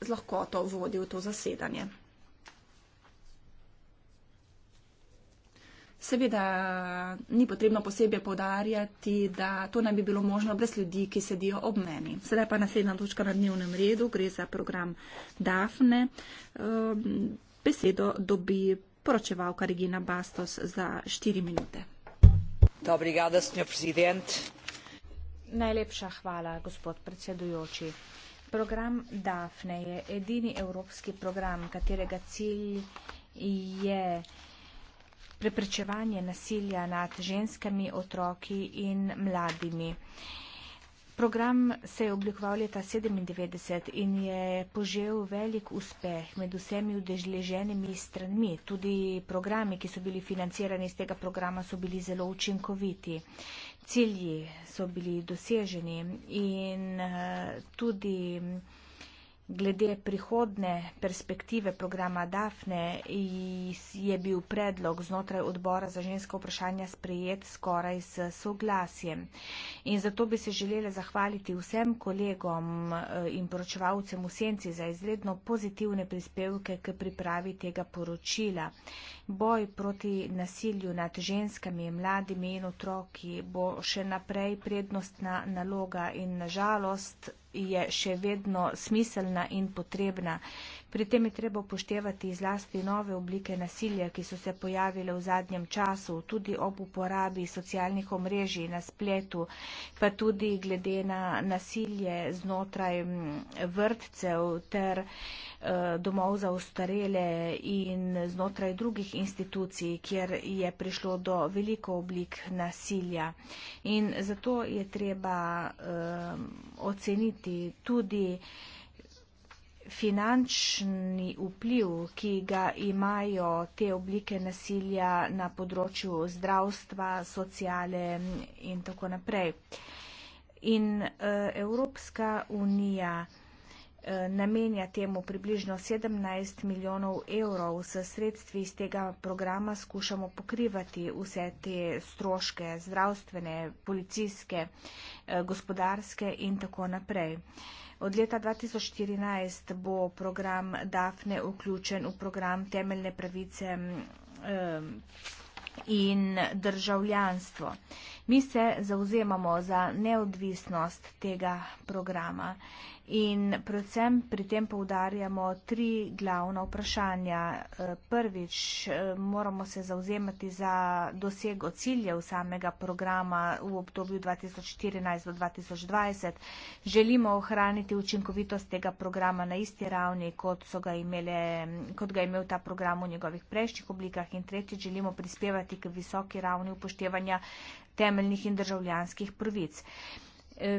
z lahkoto vodil to zasedanje. Seveda ni potrebno posebej povdarjati, da to ne bi bilo možno brez ljudi, ki sedijo ob meni. Sedaj pa naslednja točka na dnevnem redu, gre za program DAFNE. Ehm, besedo dobi poročevalka Regina Bastos za štiri minute. Dobrigada, Najlepša hvala, gospod predsedujoči. Program DAFNE je edini evropski program, katerega cilj je preprečevanje nasilja nad ženskami, otroki in mladimi. Program se je oblikoval leta 1997 in je požel velik uspeh med vsemi udeleženimi stranmi. Tudi programi, ki so bili financirani iz tega programa, so bili zelo učinkoviti cilji so bili doseženi in eh, tudi glede prihodne perspektive programa DAFNE je bil predlog znotraj odbora za ženska vprašanja sprejet skoraj s soglasjem. In zato bi se želela zahvaliti vsem kolegom eh, in poročevalcem v Senci za izredno pozitivne prispevke k pripravi tega poročila Boj proti nasilju nad ženskami, mladimi in otroki bo še naprej prednostna naloga in nažalost je še vedno smiselna in potrebna. Pri tem je treba upoštevati zlasti nove oblike nasilja, ki so se pojavile v zadnjem času, tudi ob uporabi socialnih omrežij na spletu, pa tudi glede na nasilje znotraj vrtcev ter eh, domov za ustarele in znotraj drugih institucij, kjer je prišlo do veliko oblik nasilja. In zato je treba um, oceniti tudi finančni vpliv, ki ga imajo te oblike nasilja na področju zdravstva, sociale in tako naprej. In eh, Evropska unija eh, namenja temu približno 17 milijonov evrov, s sredstvi iz tega programa skušamo pokrivati vse te stroške zdravstvene, policijske, eh, gospodarske in tako naprej. Od leta 2014 bo program DAFNE vključen v program temeljne pravice in državljanstvo. Mi se zauzemamo za neodvisnost tega programa In predvsem pri tem poudarjamo tri glavna vprašanja. E, prvič, e, moramo se zauzemati za dosego ciljev samega programa v obdobju 2014 do 2020. Želimo ohraniti učinkovitost tega programa na isti ravni, kot, ga, imele, kot ga je imel ta program v njegovih prejšnjih oblikah. In tretjič, želimo prispevati k visoki ravni upoštevanja temeljnih in državljanskih prvic.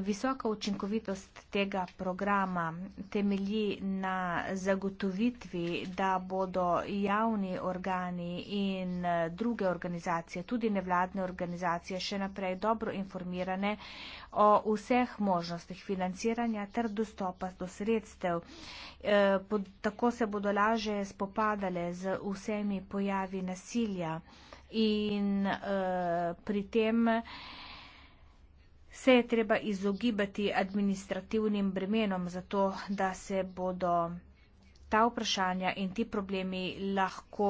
Visoka učinkovitost tega programa temelji na zagotovitvi, da bodo javni organi in druge organizacije, tudi nevladne organizacije, še naprej dobro informirane o vseh možnostih financiranja ter dostopa do sredstev. E, tako se bodo laže spopadale z vsemi pojavi nasilja in e, pri tem se je treba izogibati administrativnim bremenom, zato da se bodo ta vprašanja in ti problemi lahko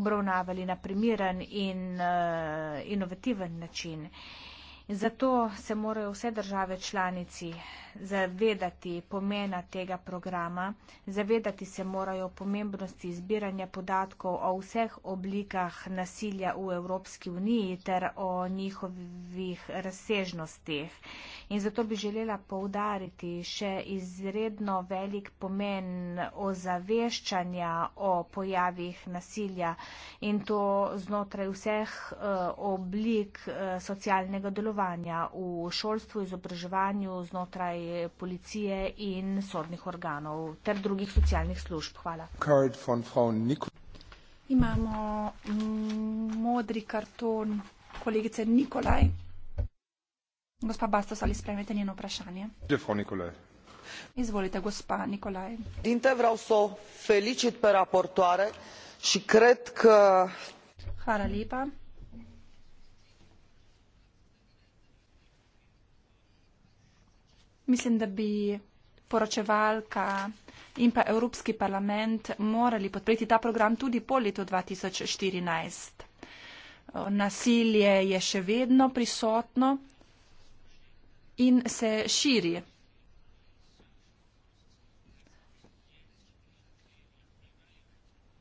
obravnavali na primeren in uh, inovativen način. Uh, In zato se morajo vse države članici zavedati pomena tega programa, zavedati se morajo pomembnosti zbiranja podatkov o vseh oblikah nasilja v Evropski uniji ter o njihovih razsežnostih. In zato bi želela poudariti še izredno velik pomen ozaveščanja o pojavih nasilja in to znotraj vseh uh, oblik uh, socialnega delovanja delovanja v šolstvu, izobraževanju, znotraj policije in sodnih organov ter drugih socialnih služb. Hvala. Imamo modri karton kolegice Nikolaj. Gospa Bastos, ali spremete njeno vprašanje? Izvolite, gospa Nikolaj. Dinte, vreau so felicit pe raportoare, ši cred că... Hvala lepa. Mislim, da bi poročevalka in pa Evropski parlament morali podpreti ta program tudi po letu 2014. Nasilje je še vedno prisotno in se širi.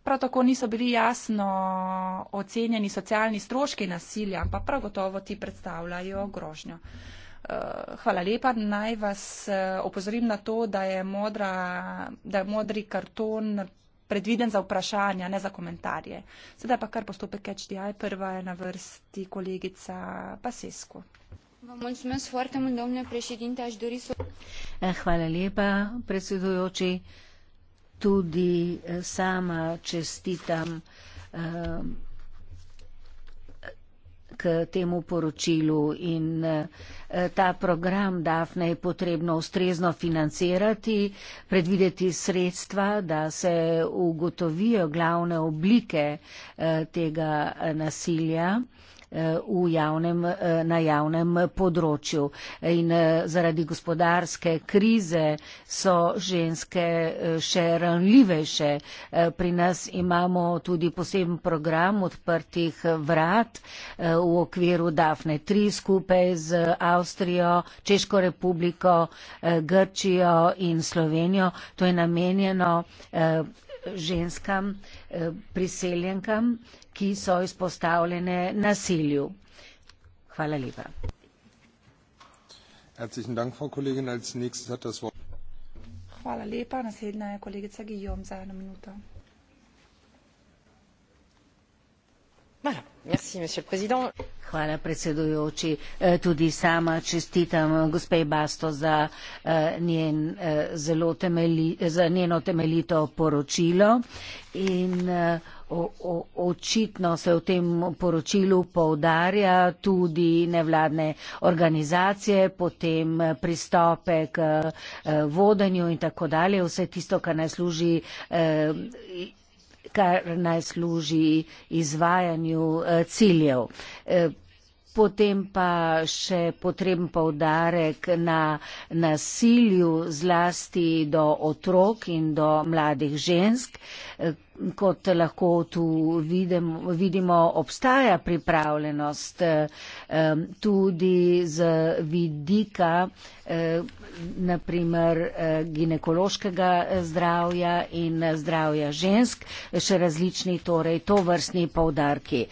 Prav tako niso bili jasno ocenjeni socialni stroški nasilja, ampak prav gotovo ti predstavljajo grožnjo. Uh, Eh, hvala lepa. Naj vas eh, opozorim na to, da je, modra, da je modri karton predviden za vprašanja, ne za komentarje. Sedaj pa kar postopek HDI. Prva je na vrsti kolegica Pasesko. Eh, hvala lepa, predsedujoči. Tudi sama čestitam. Uh, k temu poročilu in eh, ta program Dafne je potrebno ustrezno financirati, predvideti sredstva, da se ugotovijo glavne oblike eh, tega eh, nasilja v javnem, eh, na javnem področju. In eh, zaradi gospodarske krize so ženske eh, še ranljivejše. Pri nas imamo tudi poseben program odprtih vrat v okviru Dafne 3 skupaj z Avstrijo, Češko republiko, Grčijo in Slovenijo. To je namenjeno ženskam, eh, priseljenkam, ki so izpostavljene nasilju. Hvala lepa. Hvala lepa. Naslednja je kolegica Gijom za eno minuto. Voilà. Merci, Monsieur le Président. Hvala predsedujoči. E, tudi sama čestitam e, gospej Basto za, e, njen zelo temeli, za njeno temeljito poročilo. In o, o, očitno se v tem poročilu povdarja tudi nevladne organizacije, potem pristope k vodenju in tako dalje, vse tisto, kar nas služi kar naj služi izvajanju eh, ciljev. Eh, potem pa še potreben povdarek na nasilju zlasti do otrok in do mladih žensk, eh, kot lahko tu vidim, vidimo, obstaja pripravljenost eh, tudi z vidika eh, naprimer eh, ginekološkega zdravja in zdravja žensk, še različni torej to vrstni povdarki.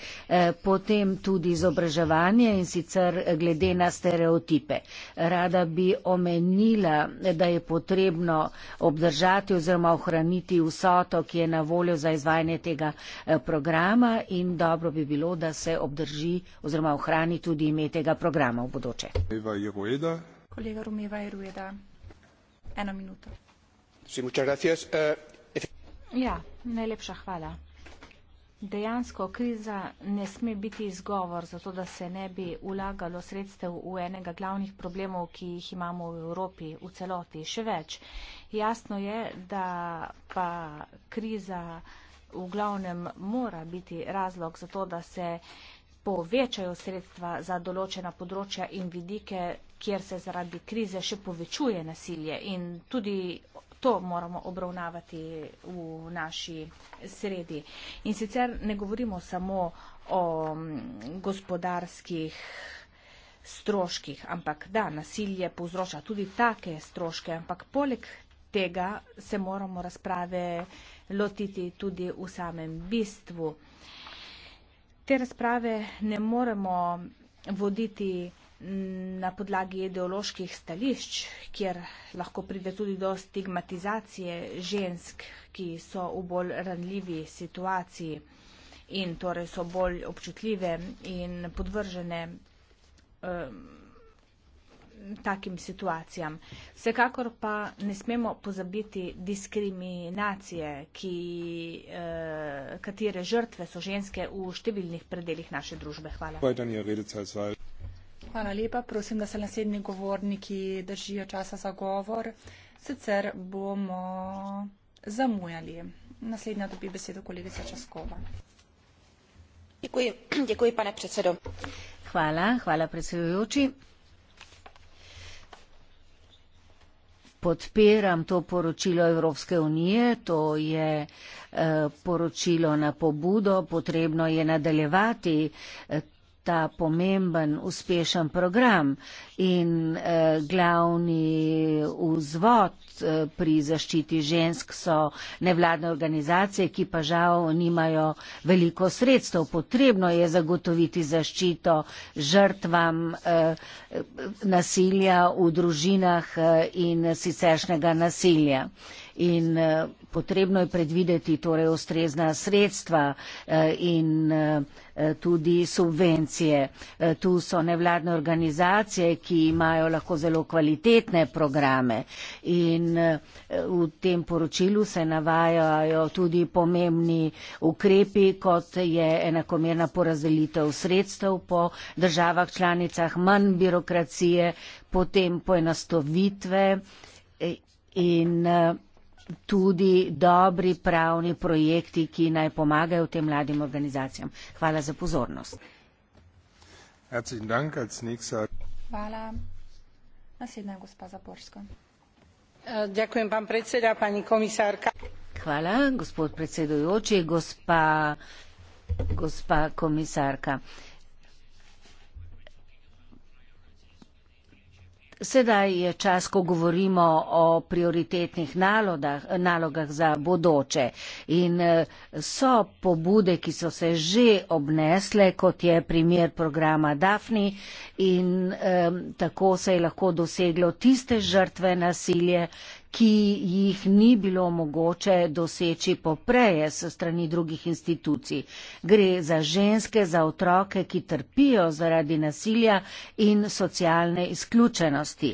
Potem tudi izobraževanje in sicer glede na stereotipe. Rada bi omenila, da je potrebno obdržati oziroma ohraniti vsoto, ki je na voljo voljo za izvajanje tega eh, programa in dobro bi bilo, da se obdrži oziroma ohrani tudi ime tega programa v bodoče. Eva Jerueda. Kolega Romeva Jerueda. Eno minuto. Sí, muchas gracias. Uh, ja, najlepša hvala dejansko kriza ne sme biti izgovor za to, da se ne bi ulagalo sredstev v enega glavnih problemov, ki jih imamo v Evropi v celoti. Še več. Jasno je, da pa kriza v glavnem mora biti razlog za to, da se povečajo sredstva za določena področja in vidike, kjer se zaradi krize še povečuje nasilje. In tudi to moramo obravnavati v naši sredi. In sicer ne govorimo samo o mm, gospodarskih stroških, ampak da, nasilje povzroča tudi take stroške, ampak poleg tega se moramo razprave lotiti tudi v samem bistvu. Te razprave ne moremo voditi na podlagi ideoloških stališč, kjer lahko pride tudi do stigmatizacije žensk, ki so v bolj ranljivi situaciji in torej so bolj občutljive in podvržene um, takim situacijam. Vsekakor pa ne smemo pozabiti diskriminacije, ki, uh, katere žrtve so ženske v številnih predeljih naše družbe. Hvala. Hvala lepa. Prosim, da se naslednji govorniki držijo časa za govor, sicer bomo zamujali. Naslednja dobi besedo kolegica Časkova. Děkuji, děkuji pane predsedo. Hvala, hvala predsedujoči. Podpiram to poročilo Evropske unije, to je eh, poročilo na pobudo, potrebno je nadaljevati eh, ta pomemben, uspešen program in eh, glavni vzvod eh, pri zaščiti žensk so nevladne organizacije, ki pa žal nimajo veliko sredstev. Potrebno je zagotoviti zaščito žrtvam eh, nasilja v družinah eh, in siceršnjega nasilja. Eh, in eh, potrebno je predvideti torej ustrezna sredstva eh, in eh, tudi subvencije. Tu so nevladne organizacije, ki imajo lahko zelo kvalitetne programe in v tem poročilu se navajajo tudi pomembni ukrepi, kot je enakomerna porazdelitev sredstev po državah članicah, manj birokracije, potem poenostavitve in tudi dobri pravni projekti, ki naj pomagajo tem mladim organizacijam. Hvala za pozornost. Hvala. Naslednja gospa Zaborska. Eh, ďakujem, pán predseda, pani komisárka. Hvala, gospod predsedujoči, gospa, gospa komisárka. Sedaj je čas, ko govorimo o prioritetnih nalodah, nalogah za bodoče in eh, so pobude, ki so se že obnesle, kot je primer programa Dafni in eh, tako se je lahko doseglo tiste žrtve nasilje, ki jih ni bilo mogoče doseči popreje s strani drugih institucij. Gre za ženske, za otroke, ki trpijo zaradi nasilja in socialne izključenosti.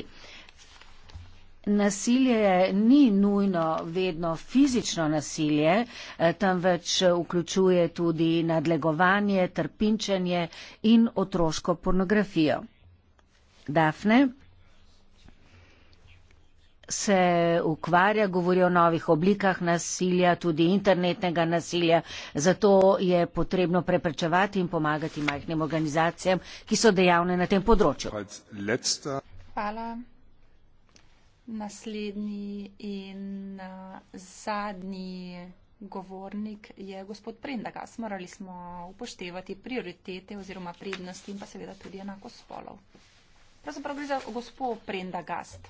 Nasilje ni nujno vedno fizično nasilje, eh, temveč vključuje tudi nadlegovanje, trpinčenje in otroško pornografijo. Dafne? se ukvarja, govori o novih oblikah nasilja, tudi internetnega nasilja. Zato je potrebno preprečevati in pomagati majhnim organizacijam, ki so dejavne na tem področju. Hvala. Naslednji in zadnji govornik je gospod Prendaga. Morali smo upoštevati prioritete oziroma prednosti in pa seveda tudi enako spolov. Jaz sem prav gre za gospo Prendagast.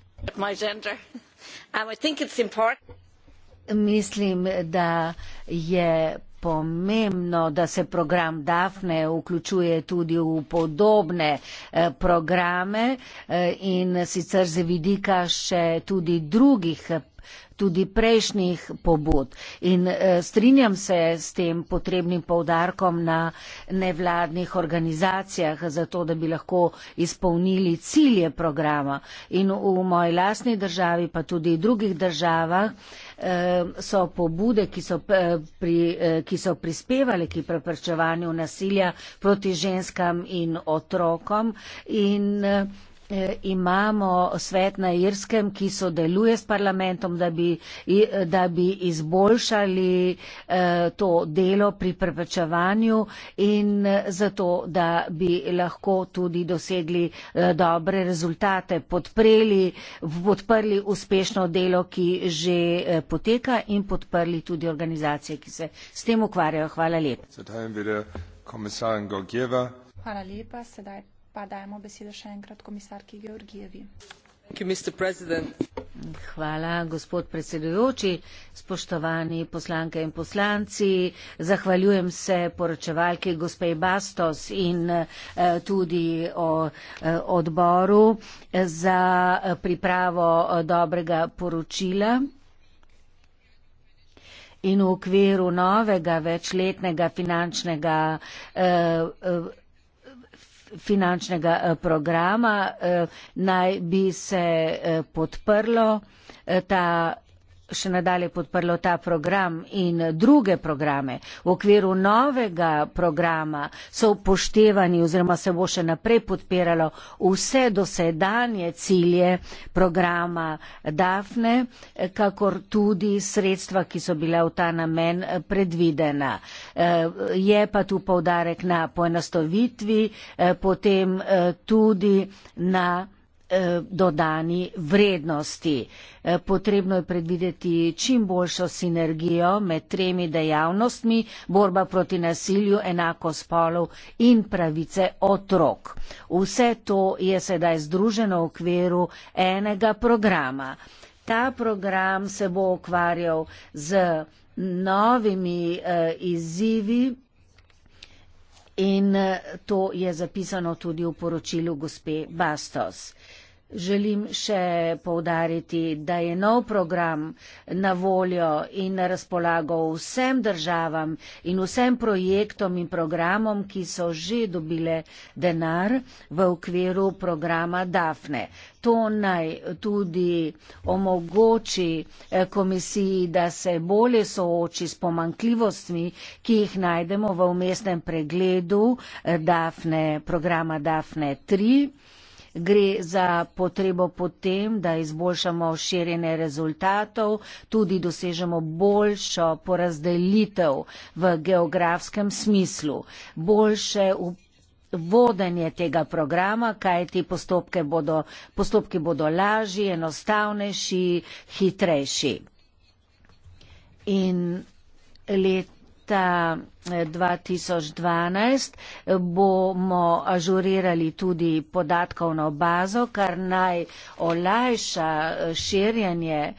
Mislim, da je pomembno, da se program Dafne vključuje tudi v podobne eh, programe eh, in sicer z vidika še tudi drugih tudi prejšnjih pobud. In eh, strinjam se s tem potrebnim povdarkom na nevladnih organizacijah, zato da bi lahko izpolnili cilje programa. In v moji lasni državi, pa tudi drugih državah, eh, so pobude, ki so, eh, pri, eh, ki so prispevali k preprečevanju nasilja proti ženskam in otrokom. In, eh, Eh, imamo svet na Irskem, ki sodeluje s parlamentom, da bi, da bi izboljšali eh, to delo pri preprečevanju in eh, zato, da bi lahko tudi dosegli dobre rezultate, podprli, podprli uspešno delo, ki že poteka in podprli tudi organizacije, ki se s tem ukvarjajo. Hvala lepa. Hvala lepa. Sedaj pa dajemo besedo še enkrat komisarki Georgijevi. Hvala, gospod predsedujoči, spoštovani poslanke in poslanci. Zahvaljujem se poročevalki gospe Bastos in eh, tudi o eh, odboru eh, za pripravo dobrega poročila. In v okviru novega večletnega finančnega eh, finančnega eh, programa, eh, naj bi se eh, podprlo ta še nadalje podprlo ta program in druge programe v okviru novega programa so upoštevani oziroma se bo še naprej podpiralo vse dosedanje cilje programa DAFNE, kakor tudi sredstva, ki so bila v ta namen predvidena. Eh, je pa tu povdarek na poenostavitvi, eh, potem eh, tudi na Eh, dodani vrednosti. Eh, potrebno je predvideti čim boljšo sinergijo med tremi dejavnostmi, borba proti nasilju, enako spolov in pravice otrok. Vse to je sedaj združeno v okviru enega programa. Ta program se bo ukvarjal z novimi eh, izzivi. In to je zapisano tudi v poročilu gospe Bastos. Želim še povdariti, da je nov program na voljo in na razpolago vsem državam in vsem projektom in programom, ki so že dobile denar v okviru programa DAFNE. To naj tudi omogoči eh, komisiji, da se bolje sooči s pomankljivostmi, ki jih najdemo v umestnem pregledu eh, DAFNE, programa DAFNE 3 gre za potrebo potem, da izboljšamo širjenje rezultatov, tudi dosežemo boljšo porazdelitev v geografskem smislu, boljše vodenje tega programa, kaj ti postopke bodo, postopki bodo lažji, enostavnejši, hitrejši. In let leta 2012 eh, eh, bomo ažurirali tudi podatkovno bazo, kar naj olajša eh, širjanje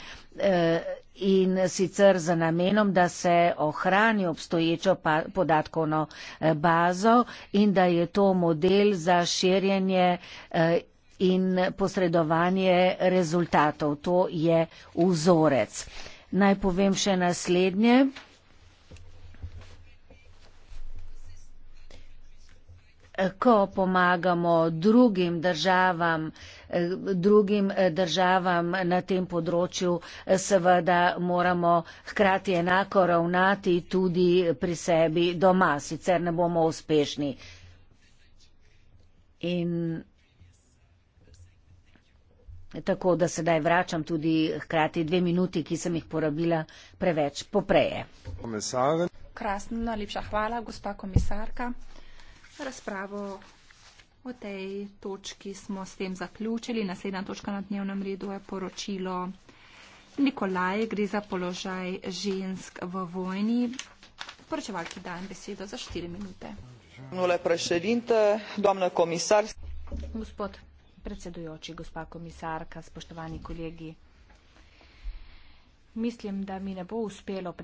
in sicer za namenom, da se ohrani obstoječo podatkovno bazo in da je to model za širjanje in posredovanje rezultatov. To je vzorec. Naj povem še naslednje. ko pomagamo drugim državam, eh, drugim eh, državam na tem področju, eh, seveda moramo hkrati enako ravnati tudi pri sebi doma, sicer ne bomo uspešni. In tako, da sedaj vračam tudi hkrati dve minuti, ki sem jih porabila preveč popreje. Komisarka. Krasno, najlepša hvala, gospa komisarka razpravo o tej točki smo s tem zaključili. Naslednja točka na dnevnem redu je poročilo Nikolaj, gre za položaj žensk v vojni. Poročevalki dajem besedo za 4 minute. Gospod predsedujoči, gospa komisarka, spoštovani kolegi. Mislim, da mi ne bo uspelo pred.